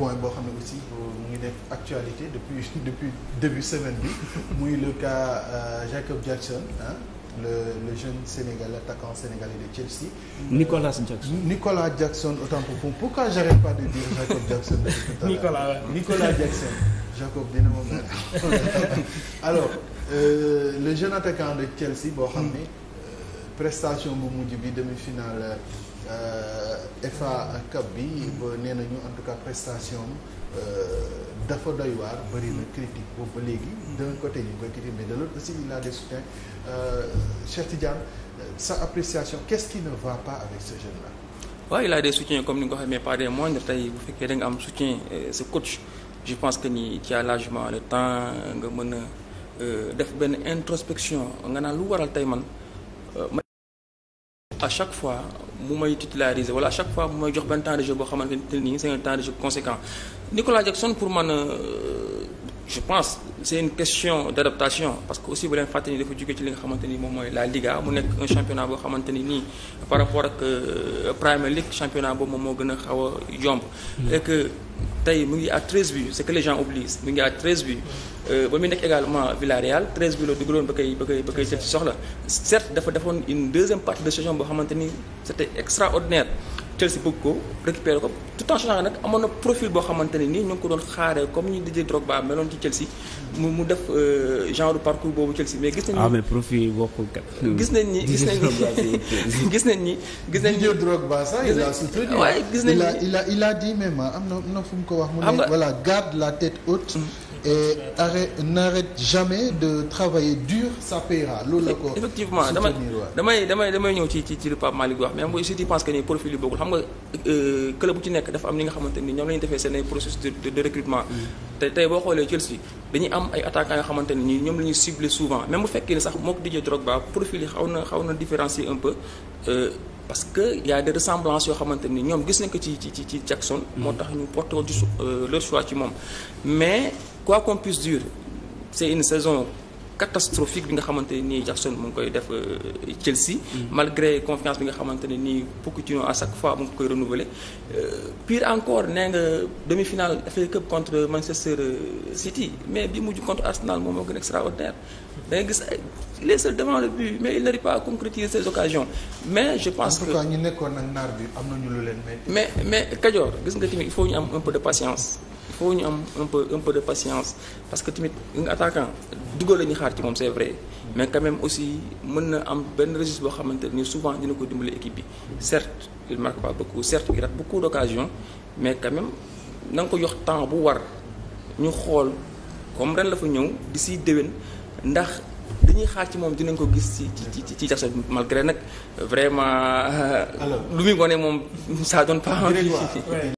point boo xam ne aussi euh, mu ngi nekk actualité depuis depuis début semaine bi muy le cas euh, Jacob Jackson le jeune sénégal attaquant sénégalais de Chelsea. Mm. Nicolas Jackson Nicolas Jackson autant pour moi pourquoi j'arrête pas de dire Jacob Jackson. Nicolas ouais. Nicolas Jackson. Euh, le jeune attaquant de Chelsea boo xam ne. prestation bu mujj bi demi-finale euh, FA Cup bi ba nee nañu en tout cas prestation euh, dafa doy waar bëri na critique boobu ba léegi d'un côté ñu ngi koy critiquer mais de l'autre aussi il a des soutiens euh, Cheikh Tidiane sa appréciation qu'est-ce qui ne va pas avec ce jeune-là waaw il a des soutiens comme ni nga ko xamee pas des moindres tey bu fekkee da nga am soutien ce coach je pense que ni ci a largement le temps nga mën a def benn introspection nga naan lu waral tey man à chaque fois mu may titulariser wala à chaque fois mu may jox benn temps de jeu boo xamante ne nii c'est un temps de jeu conséquent Nicolas Jackson pour man. Euh, je pense c' une question d' adaptation parce que aussi bu leen fàtte ni dafa jóge ci li nga xamante ni moom mooy la Liga mu nekk un championnat boo xamante ni nii par rapport ak euh, Premier League championnat boobu moom moo gën a xaw a yomb. Mm. tey mu ngi à 13 bi c' est que les gens oublient mu ngi à 13 buts. Euh, ba muy nekk également Villarreal 13 buts la dugaloon ba koy ba koy ba ci soxla certes dafa defoon une deuxième partie de saison boo xamante ni c' était Chelsea bëgg ko récupérer ko tout en changeant nag amoon na profil boo xamante ne nii ñu ngi ko doon xaaree comme ñu Didier Drogba meloon ci Chelsea. mu mu def euh, genre parcours boobu Chelsea mais gis nañ ni ah mais profil bokkul gis nañ ni gis nañ ni gis nañ ni gis nañ ni Didier Drogba sax il a soutenu. waaye gis nañ ni il a a il la tête et arrête n'arrête jamais de travailler dur ça paiera loolu la ko effectivement damay damay damay damay ñëw ci ci ci li Pape Malick bi wax mais mooy surtout pense que ni profil yu bokkul xam nga euh, club ci nekk dafa am li nga xamante ni ñoom la ñu defee seen ay processus de recrutement mm. te tey boo xoolee Chelsea dañuy am ay attaquants yoo xamante ni ñoom la ñuy ciblé souvent même bu fekkee ni sax mook Didier Drogba profil yi xaw na xaw na différencier un peu euh, parce que y a yoo xamante ni ñoom gis nañ ko ci ci ci Jackson mm. moo tax ñu porté woon ci leur choix mais quoi qu'on puisse dire, c'est une saison catastrophique bi nga xamante ne nii Jackson mu ngi koy def euh, Chelsea. Mm. malgré confiance bi nga xamante ne nii Pochettino à chaque fois mu ngi koy euh, nga demi-finale FA Cup contre Manchester euh, City mais bi mujj contre Arsenal moom moo gën extraordinaire da ngay gis il est seul devant le but mais il n'arrive pas à je pense que nekkoon ak naar bi am nañu lu leen metti mais mais Kajoor gis nga tamit il faut ñu am un peu de patience il faut ñu am un peu de patience parce que tamit nga attaquant xaar ci moom c'est vrai mais quand même aussi mën na am benn registre boo xamante ni souvent dina ko dimbali équipe bi certes il marque pas beaucoup certes il rate beaucoup d'occasions mais quand même na nga ko jox temps bu war ñu xool comme ren la fa ñëw di siy déwén ndax dañuy xaar ci moom dinañ ko gis ci ci ci ci jaxas malgré nag vraiment. Euh, lu muy wane moom ça donne pas envie